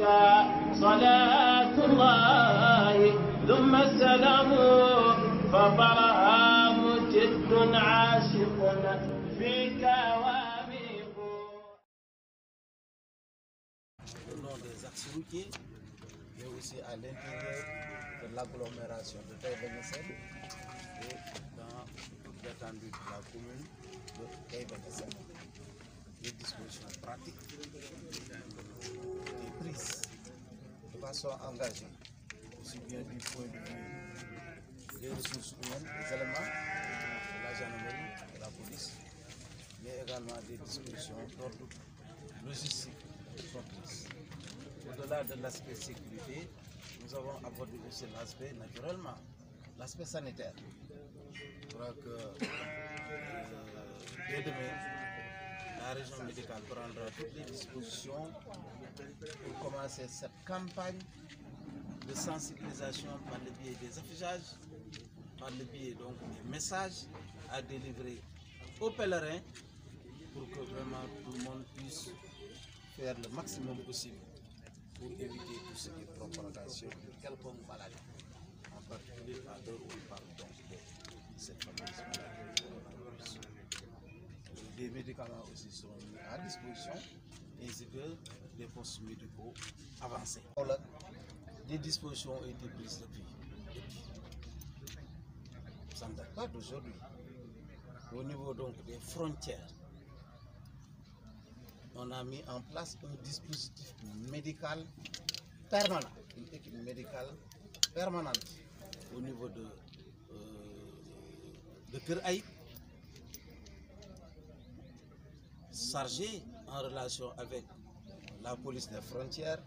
عليك صلاة الله ثم السلام فبرهام جد عاشق فيك واميق mais aussi à l'intérieur de l'agglomération de Taïba-Niassène et dans toute l'étendue de la commune de Taïba-Niassène. Des dispositions pratiques de façon engagée, aussi bien du point de vue ressources humaines, des éléments la gendarmerie, de la police, mais également des dispositions d'ordre logistique Au-delà de l'aspect sécurité, nous avons abordé aussi l'aspect naturellement, l'aspect sanitaire. Je crois que euh, demain, la région médicale prendra toutes les dispositions pour commencer cette campagne de sensibilisation par le biais des affichages, par le biais donc des à délivrer aux pèlerins pour que vraiment tout le monde puisse faire le maximum possible pour éviter tout ce propagation de quelconque maladie, en particulier à l'heure où médicaments aussi sont mis à disposition, ainsi que les postes médicaux avancés. Voilà, des dispositions ont été prises depuis. Ça ne date Au niveau donc des frontières, on a mis en place un dispositif médical permanent, au niveau de, euh, de chargé en relation avec la police des frontières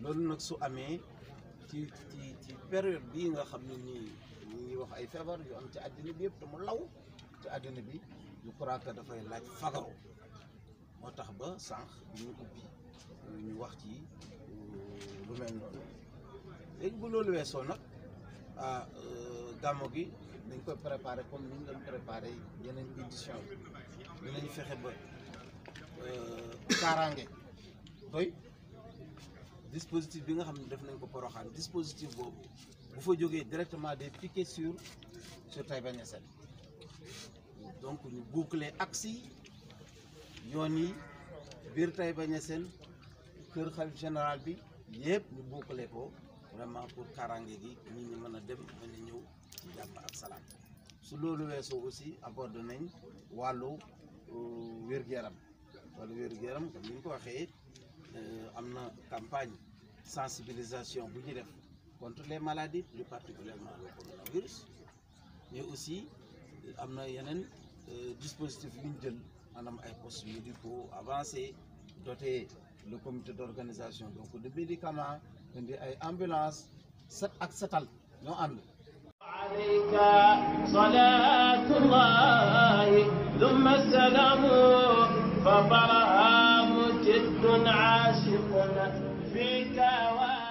loolu nag su amee ci ci ci période bii nga xam ne nii ñuy wax ay feebar yu am ci àddina bi yëpp te mu law ci àddina bi je crois dafay laaj fagaru moo tax ba sànq ñu ubbi ñu wax ci euh, lu mel noonu léegi bu loolu weesoo nag ah, euh, gàmmu gi dañ koy préparé comme ni ñu doon préparé yeneen édition yi dinañ fexe ba euh, kaaraange doy dispositif bi nga xam ne def nañ ko poroxaan dispositif boobu bu fa jógee directement des piquets sur sur Taïba donc ñu boucler axe yi yoon yi biir Taïba Niassène kër xalif général bi yëpp ñu boucler ko vraiment pour kaaraange gi nit ñi mën a dem mën a ñëw ci jàmm ak su loolu weesoo aussi abordé nañ wàllu euh, wér-gu-yaram wàllu wér-gu-yaram comme ni ñu ko waxee euh, am na campagne sensibilisation bu ñu def contre les maladies plus particulièrement le coronavirus mais aussi euh, am na yeneen dispositif yu ñu jël maanaam ay postes médicaux avancé doté le comité d'organisation donc de médicaments indi ay ambulance set ak setal ñoo ànd alayka salaatullahi thumma salaamu fa barhaamu jiddun aashiqun fika